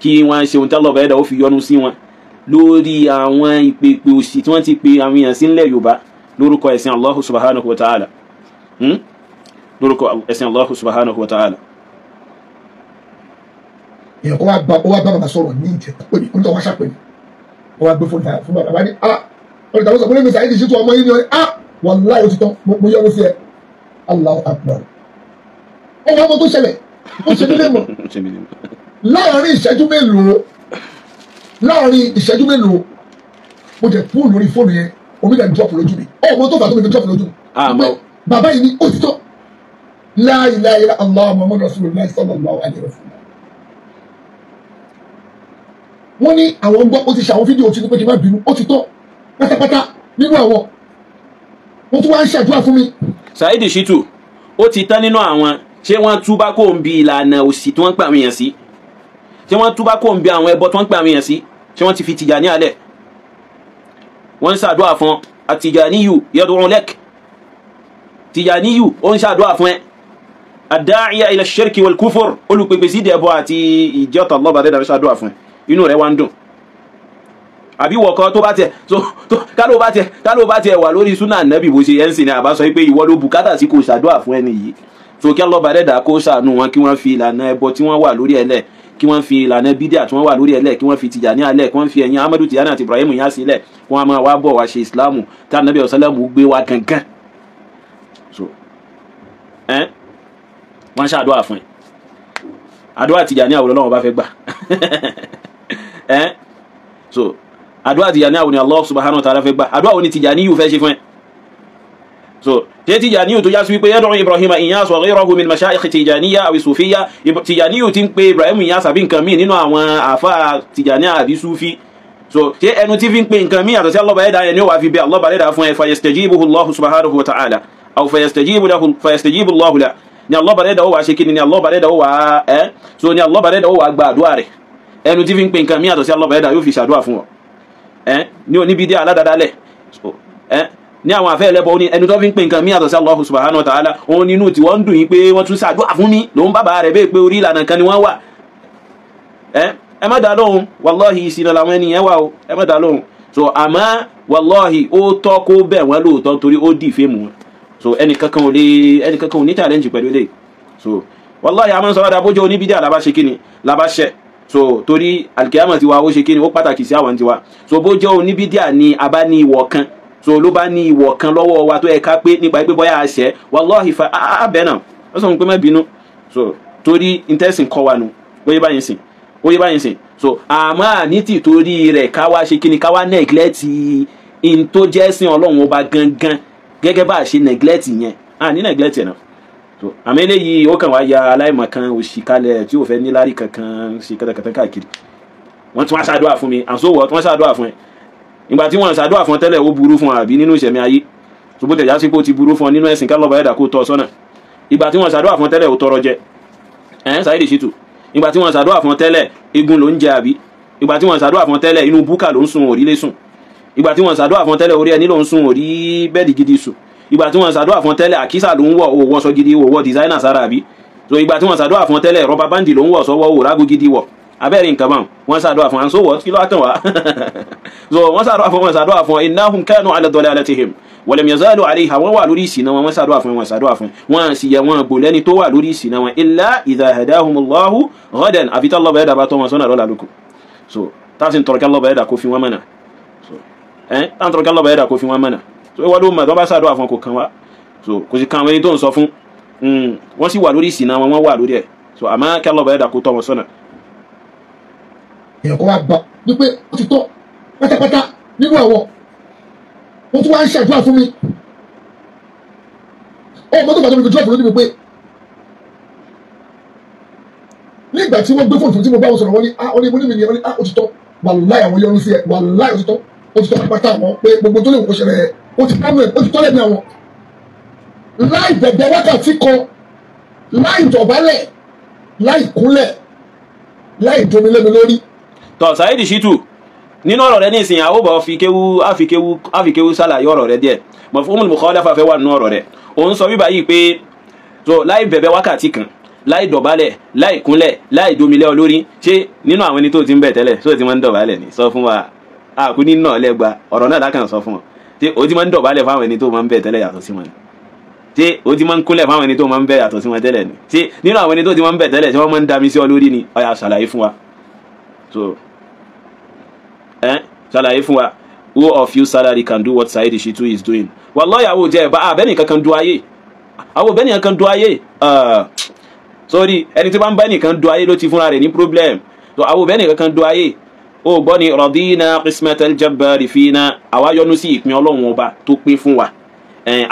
kí wọ́n ṣe ohun tẹ́lọ̀ bẹ́ẹ̀ dà ó fi yọnu sí wọn lórí àwọn ìpèpè òsì tí wọ́n ti pe àwọn èèyàn sí nílẹ̀ Yorùbá lórúkọ ẹ̀sìn Allah subhanahu wa ta'ala. Hmm? lórúkọ ẹ̀sìn Allahu subhanahu wa ta'ala. èèyàn kó wá bá ó wá bá bàbá sọ̀rọ̀ ní ìjẹ́ pé mi kúntà wá ṣàpè mi ó wá gbé fún ta fún bàbá ní ah ọ̀rẹ́ tàbí sọ pé lẹ́nu sàyẹ́dì ṣètò ọmọ yìí ni ah wallahi òtítọ́ mo yọ ọ́ sí ẹ Allahu akbar ọmọ ọmọ tó ṣẹlẹ̀ ó ṣe nílé mọ̀ láàrin ìṣẹ́jú mélòó láàrin ìṣẹ́jú mélòó mo jẹ púùlù lórí fóònù yẹn omi dàbí drop lójú mi ọmọ tó fà tó mi fi drop lójú mi bàbá yìí ni ó ti tọ́ La ilaha illa Allah Muhammad Rasulullah الله alaihi wasallam. wọ́n ní àwọn gbọ́ ó ti ṣe àwọn fídíò tí nípa ìjọba ìbínú ó ti tọ́ pátápátá nínú àwọn wọ́n tún wá ń ṣàdúrà fún mi. Saheed Shittu ó ti tán nínú àwọn ṣé wọ́n túbá kó ń bi ìlànà òsì tí wọ́n ń pè àwọn èèyàn sí ṣé wọ́n túbá kó ń bi àwọn ẹbọ tí wọ́n ń pè àwọn èèyàn sí ṣé wọ́n ti fi Tijani alẹ̀ wọ́n ń ṣàdúrà fún àtìjàníyù yẹ́dùrún lẹ́k Tijaniyu ó adáàyà ilẹ̀ ṣẹ́ríkì wal kufur olùpèpè sí ìdẹ̀bọ̀ àti ìjọta lọ́ba dẹ́dàbí ṣàdúrà fún inú rẹ̀ wá ń dùn àbí wọ̀kan tó bá tẹ̀ káló bá tẹ̀ káló bá tẹ̀ wà lórí súnà nẹ́bì bó ṣe yẹn sìn ní àbá sọ pé ìwọ ló bùkátà sí kò ṣàdúrà fún ẹni yìí tó kí lọ́ba dẹ́dà kó ṣàánú wọn kí wọ́n fi ìlànà ẹbọ tí wọ́n wà lórí ẹlẹ́ kí wọ́n fi ìlànà bídíà tí wọ́n wà lórí ẹlẹ́ kí wọ́n fi Tìjàní alẹ́ kí wọ́n fi ẹ̀yìn Ahmadu Tìjàní àti Ibrahim yá sílẹ̀ kí wọ́n máa wá bọ̀ wá ṣe ìsìláàmù tá nàbẹ̀ ọ̀sálàmù gbé wa kankan wọ́n ń ṣàdúrà fún ẹ àdúrà Tìjàní àwòrán náà wọ́n gbà so àdúrà Tìjàní àwòrán Allah subhanahu wa ta'ala fẹ́ gbà àdúrà òní Tìjàní yìí fẹ́ ṣe fún ẹ so ṣé Tìjàní yìí tó yá sí wípé yẹ́dọ̀ Ibrahim Inyas wa ghayruhu min mashayikh Tìjàníyà àwì Sufiyya Tìjàní yìí ti ń pe Ibrahim Inyas àbí nǹkan míì nínú àwọn àfa Tìjàní àbí Sufi so ṣé ẹnu tí fi ń pe nǹkan míì àtọ̀sí Allah bàyẹ̀dá yẹn ni ó wà Allah subhanahu wa ta'ala aw fayastajibu lahu fayastajibu Allah lahu ni Allah bá dẹ́dà ó wà ṣe kí ni ni Allah bá dẹ́dà ó so ni Allah bá dẹ́dà ó wà gba àdúrà rẹ̀ ẹnu tí fi ń pe nǹkan míyàtọ̀ sí Allah bá dẹ́dà yóò fi ṣàdúrà fún ọ ẹ́ ní oníbi dé aládàdálẹ̀ ẹ́ ní àwọn àfẹ́ ẹlẹ́bọ̀ ní ẹni tó fi ń pe nǹkan míyàtọ̀ sí Allah subhanahu wa ta'ala òun nínú tí wọ́n ń dùn yín pé wọ́n tún ṣàdúrà fún mi lòun bàbá rẹ̀ bẹ́ẹ̀ pé orí ìlànà kan ni wọ́n wà ẹ́ ẹ má dá lóhùn wàláhì ìsinà làwọn ènìyàn wà o ẹ má dá lóhùn so àmọ́ wàláhì ó tọ́ kó bẹ̀ wọ́n lóòótọ́ torí ó dì fèmù wọn so ẹnì kankan ò lè ẹnì kankan ò ní challenge pẹ̀lú eléyìí so wàláyà àmọ́ sọ́wọ́dà bójú oníbídíà làbá ṣe kíni làbá so torí alikiyama tiwa ó ṣe kíni ó pàtàkì sí àwọn tiwa so bójú oníbídíà ni a bá kan so ló bá ní ìwọ̀ kan lọ́wọ́ wa tó yẹ ká pé nípa pé bóyá a ṣẹ wàláhì fa abẹ́ náà ó sọ pé má bínú so torí intẹ́sìn kọ́ wa nu ó yẹ báyìí sìn ó báyìí sìn so àmọ́ àní tìtorí rẹ̀ ká wá ṣe kíni ká wá neglect in tó jẹ́ sìn ọlọ́run ọba gangan gẹ́gẹ́ bá a ṣe neglect yẹn a ní neglect yẹn náà so àmọ́ eléyìí ó kàn wá ya aláìmọ̀kan òṣìkalẹ̀ tí ò fẹ́ ní lárí kankan ṣe kẹtẹkẹtẹ káàkiri wọ́n tún wá ṣàdúrà fún mi àsòwò tí wọ́n ṣàdúrà fún ẹ ìgbà tí wọ́n ṣàdúrà fún tẹ́lẹ̀ ó burú fún àbí nínú ìṣẹ̀mí ayé ṣùgbọ́n tẹ̀já sí pé ó ti burú fún ọ nínú ẹ̀sìn kálọ́bà ẹ̀dà kó tọ́ sọ́nà ìgbà tí wọ́n ṣàdúrà fún tẹ́lẹ̀ ó tọrọ ìgbà tí wọ́n ṣàdúrà fún tẹ́lẹ̀ orí ẹni ló ń sùn orí bẹ́ẹ̀dì gidi sùn ìgbà tí wọ́n ṣàdúrà fún tẹ́lẹ̀ àkísà ló ń wọ̀ owó wọṣọ gidi owó dìsáínà sára àbí so ìgbà tí wọ́n ṣàdúrà fún tẹ́lẹ̀ rọ́bà báńdì ló ń wọ̀ sọ́wọ́ òwò rágó gidi wọ̀ abẹ́rẹ́ nǹkan báwọn wọ́n ṣàdúrà fún àǹsó wọ́ kí ló kàn wá so wọ́n ṣàdúrà fún wọn ṣàdúrà fún innahum kanu ala dalalatihim walam yazalu alayha wọ́n wà lórí ìsìn náà wọ́n ṣàdúrà fún wọn ṣàdúrà fún wọn sì yẹ wọn bò lẹ́ni tó wà lórí ìsìn náà wọn illa idha hadahumullahu ghadan àfitá lọ́bàá ẹ̀dá bá tọ́ wọn sọ́nà lọ́la lóko so táà sì ń tọrọ kí lọ́bàá ẹ̀dá kó fi wọn mọ̀nà ẹ táwọn tọrọ kálọ̀ báyìí kò fi wọn mọ̀nà so wọ́n ló mọ̀ tó bá ṣàdúrà fún kò kàn wá so kò sì kàn àwọn ẹni tó ń sọ fún hmm, wọ́n sì wà lórí ìsìn náà wọ́n wà lórí ẹ̀ so àmọ́ kálọ̀ báyìí kò tọ́ wọn sọ́nà. èèyàn kò wá gbọ́ wípé ó ti tọ́ pátápátá nínú ẹ̀wọ̀ ó tún wá ń ṣàdúrà fún mi ó mọ́tò bàtà mi kò jọ́ pé nígbà tí wọ́n gbé fóònù tí mo bá wọn sọ̀rọ̀ wọ́n ní ah, ah ó ó ti tọ́ pátá wọn pé gbogbo tó lè wò ṣẹlẹ̀ yẹn ó ti kánú ẹ̀ ó ti tọ́lẹ̀ ní àwọn. láì bẹ̀bẹ̀ wákàtí kan láì dọ̀bálẹ̀ láì kúnlẹ̀ láì domi lẹ́nu lórí. tọ́ Saheed Shittu nínú ọ̀rọ̀ rẹ ní ìsìn àwòbọ̀ àfikéwu àfikéwu àfikéwu ṣàlàyé ọ̀rọ̀ rẹ díẹ̀ mọ̀fúnmù mùkọ́lẹ́fà fẹ́ wà nínú ọ̀rọ̀ rẹ òun sọ bíbá so láì bẹ̀bẹ̀ wákàtí dọ̀bálẹ̀ láì kúnlẹ̀ láì domilẹ́ olórí ṣé nínú àwọn ẹni tó ti ń bẹ̀ tẹ́lẹ̀ sóò tí wọ́n ń dọ̀bálẹ̀ ni sọ fún wa àkú ah, ní náà lẹ́gba ọ̀rọ̀ náà lákàn sọ fún ọ ṣé o ti máa ń dọ̀bálẹ̀ fáwọn ẹni tó máa ń bẹ̀ tẹ́lẹ̀ yàtọ̀ sí wọn ni ṣé o ti máa ń kúnlẹ̀ fáwọn ẹni tó máa ń bẹ̀ yàtọ̀ sí wọn tẹ́lẹ̀ ni ṣé nínú àwọn ẹni tó ti máa ń bẹ̀ tẹ́lẹ̀ ṣé wọ́n máa ń dami sí ọ lórí ni ọ̀yà ṣàlàyé fún wa so ẹ ṣàlàyé fún wa who of you salary can do what Saheed Shitu is doing wallahi àwọn òjẹ́ ẹ̀bá àbẹ́nì kankan du ayé àwọn òbẹ́nì kankan du ayé ah, sorry ẹni tí wọ́n bá ń bẹ́nì kan du ayé ló ti fúnra rẹ̀ ní problem so àwọn òbẹ́nì kankan du ayé ó gbọ́ ni rọ̀dínà qismatal jabbari fínà àwa yọ́nú sí ìpín ọlọ́run ọba tó pín fún wa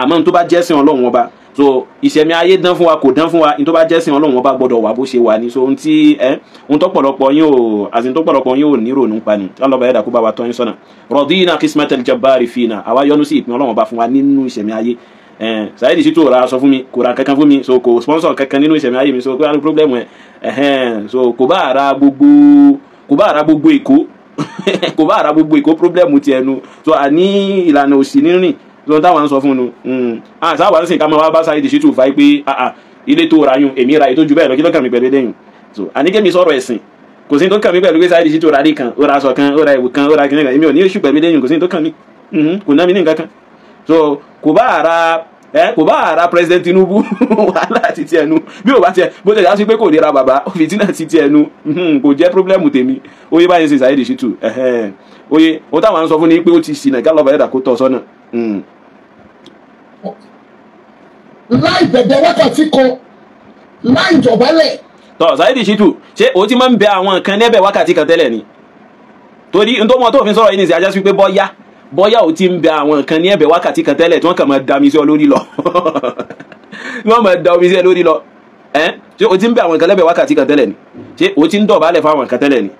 àmọ́ ní tó bá jẹ́sìn ọlọ́run ọba so ìṣẹ̀mí ayé dán fún wa kò dán fún wa ní tó bá jẹ́sìn ọlọ́run ọba gbọ́dọ̀ wà bó ṣe wà ní so ohun tí ẹ ohun tọ́pọ̀lọpọ̀ yín ò àti tọ́pọ̀lọpọ̀ yín ò nírò ní pa ni ọlọ́ba ẹ̀dá kó bá wa tọ́ yín sọ́nà rọ̀dínà qismatal jabbari fínà àwa yọ́nú sí ìpín ọlọ́run ọba fún wa nínú ìṣẹ̀mí ayé Saidi Shittu ò ra aṣọ fún mi kò ra kankan fún mi so kò sponsor kankan nínú ìṣẹ̀mí ayé mi so kí wàá ní problem ẹ̀ so kò bá ra gbogbo kò bá ara gbogbo èkó kò bá ara gbogbo èkó problem ti ẹnu so a ní ìlànà òsì nírìn lọ́n táwọn ń sọ fún un hmm. Ah, sáwọn sì ká máa wá bá sáré dèṣí tù fáyé pé ilé tó ra yun èmi ra èyí ju bẹ́ẹ̀ lọ kí lọ́kàn mi pẹ̀lú eléyìn so àníkẹ́mi sọ̀rọ̀ ẹ̀sìn kò sí tó kàn mí pẹ̀lú pé sáré dèṣí tù ra rí kan ó ra aṣọ kan ó ra ìwò kan ó ra kìnìkan èmi ò ní oṣù pẹ̀lú eléyìn kò sí tó kàn mí hmm. kò ná mi ní nǹkan kan so kò bá ara ẹ kò bá ara president Tinubu wàhálà ti tiẹ̀ nu bí o bá tiẹ̀ bó tẹ̀ jásí pé kò lè ra bàbá fìtínà ti tiẹ̀ nu hmm, kò jẹ́ pírọ́blẹ́mù tèmi oyè báyìí ṣe Saheed Shittu oyè o táwọn à ń sọ fún ni pé ó ti ṣìnà gálọ́bà ẹ̀dà kó tọ́ sọ́nà. Hmm. láì bẹ̀bẹ̀ wákàtí kan láì dọ̀bálẹ̀. tọ́ Saheed Shittu ṣé o ti máa ń bẹ àwọn nǹkan nẹ́bẹ̀ wákàtí kan tẹ́lẹ̀ ni torí ntọ́mọ tó fi sọ̀rọ̀ yìí nìyí bóyá o ti ń bẹ àwọn nǹkan ní ẹ̀bẹ̀ wákàtí kan tẹ́lẹ̀ tí wọ́n kàn máa da omi sí ọ lórí lọ tí wọ́n máa da omi sí ẹ lórí lọ ṣé o ti ń bẹ àwọn nǹkan lẹ́bẹ̀ wákàtí kan tẹ́lẹ̀ ni ṣé o ti ń dọ̀bálẹ̀ fáwọn nǹkan tẹ́lẹ̀ ni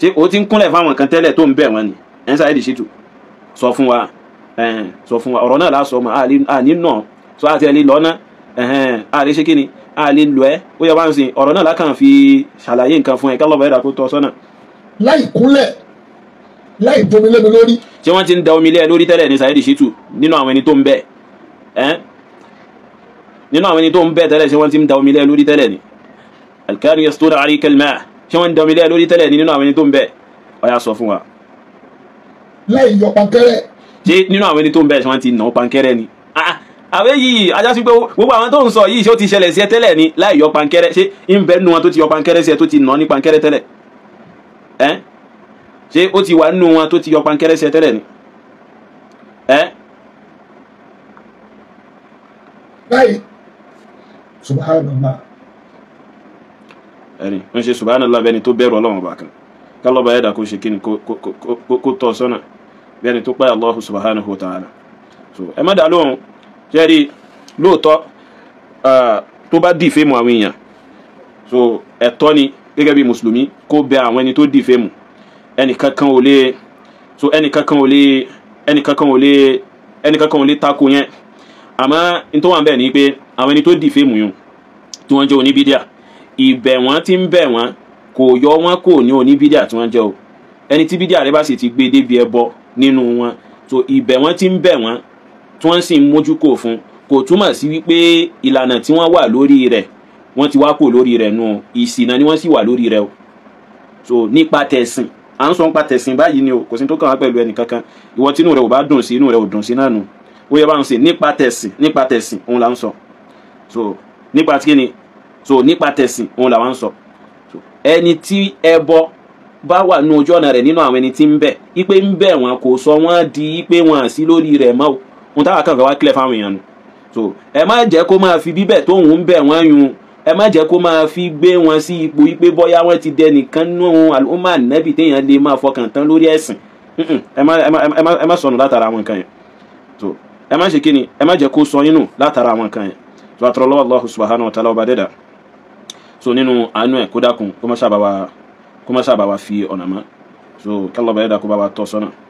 ṣé o ti ń kúnlẹ̀ fáwọn nǹkan tẹ́lẹ̀ tó ń bẹ̀ wọ́n ni ẹ̀ ń sáyé di ṣètù sọ fún wa sọ fún wa ọ̀rọ̀ náà la sọ mọ́ àní nà sọ àti ẹni lọ́nà àlè ṣe kíni àlè lọ ẹ́ ó yẹ wá ń sìn ọ̀rọ̀ náà lákàn fi ṣàlàyé nǹkan fún ẹ kálọ̀ bẹ́ẹ̀ kó tọ́ sọ́nà. láì kúnlẹ̀ láì bomi lẹ́nu lórí. ṣé wọ́n ti ń da omi lé ẹ lórí tẹ́lẹ̀ ní Saheed Shittu nínú àwọn ẹni tó ń bẹ̀ ẹ́ nínú àwọn ẹni tó ń bẹ̀ tẹ́lẹ̀ ṣé wọ́n ti ń da omi lé lórí tẹ́lẹ̀ ni alkanu yastura ali kalima ṣé wọ́n ń da omi lé lórí tẹ́lẹ̀ ni nínú àwọn ẹni tó ń bẹ̀ ó yá sọ fún wa. láì yọ pankẹ́rẹ́. ṣé nínú àwọn ẹni tó ń bẹ̀ ṣé wọ́n ti nà pankẹ́rẹ́ ni ah, ah, àwẹ yìí ajásí pé gbogbo àwọn tó ń sọ yìí ṣé ó ti ṣẹlẹ̀ sí ẹ tẹ́lẹ̀ ni láì yọ pankẹ́rẹ́ ṣé ń bẹ́ẹ̀ nu wọn tó ti yọ pankẹ́rẹ́ sí ẹ tó ti nà ní pankẹ́rẹ́ tẹ́lẹ̀ ẹ́ ṣé ó ti wà nínú wọn tó ti yọ pankẹ́rẹ́sẹ̀ tẹ́lẹ̀ ni. báyìí subhanallah. ẹni ń ṣe subhanallah bẹni tó bẹ̀rù ọlọ́run ọba kan kálọ́ba ẹ̀dá kó ṣe kí ni kó tọ́ sọ́nà bẹni tó páyà Allahu subhanahu wa ta'ala. ẹ má dà lóhùn jẹ́rìí lóòótọ́ tó bá dìfé mu àwọn èèyàn so ẹ̀tọ́ ni gẹ́gẹ́ bí mùsùlùmí kó bẹ àwọn ẹni tó dìfé mu ẹnìkankan ò lè so ẹnìkankan ò lè ẹnìkankan ò lè ẹnìkankan ò lè tako yẹn àmọ́ nítorí wọn bẹ̀ ni pé àwọn ẹni tó dì fíìmù yìí tí wọ́n jẹ́ oníbídíà ìbẹ̀ wọ́n ti ń bẹ̀ wọ́n kò yọ wọ́n kò ní oníbídíà tí wọ́n jẹ́ o ẹni tí bídíà rẹ bá sì ti gbé débi ẹbọ nínú wọn so ìbẹ̀ wọ́n ti ń bẹ̀ wọ́n tí wọ́n sì ń mójú kò fún kò túmọ̀ sí wípé ìlànà tí wọ́n wà lórí rẹ̀ wọ́n ti wá kò lórí rẹ̀ nù ìsìnà ni wọ́n sì wà lórí rẹ̀ o so nípa tẹ̀sìn à ń sọ ń pa tẹ̀sìn báyìí ni o kò sí tó kàn wá pẹ̀lú ẹnì kankan ìwọ tí inú rẹ ò bá dùn sí inú rẹ ò dùn sí náà nù ó yẹ bá ń sìn nípa tẹ̀sìn nípa tẹ̀sìn òun là ń sọ so nípa kí ni so nípa tẹ̀sìn òun là wá ń sọ ẹni tí ẹbọ bá wà nínú ojú ọ̀nà rẹ̀ nínú àwọn ẹni tí ń bẹ̀ ipe ń bẹ̀ wọn kò sọ wọ́n di ipe wọn sí lórí rẹ̀ mọ́ ohun táwọn kan wá kílẹ̀ fáwọn èèyàn nù so ẹ má jẹ́ kó máa fi bíbẹ̀ tóun ń bẹ̀ wọ́n yun ẹ má jẹ́ kó máa fi gbé wọn sí ipò wípé bọ́yá wọ́n ti dẹnìkan nù àlùmọ́ ànábì téèyàn lè máa fọkàn tán lórí ẹ̀sìn ẹ má sọnù látara àwọn nǹkan yẹn so ẹ má ṣe kíni ẹ má jẹ́ kó sọ inú látara àwọn nǹkan yẹn so àtọ̀rọ̀ lọ́wọ́ Allahu subhanahu wa ta'ala ọba dẹ́dà so nínú àánú ẹ̀ kó dákun kó má ṣàbàwà fi ọ̀nà mọ́ so kálọ̀ ọba dẹ́dà kó bá wa tọ́ sọ́nà.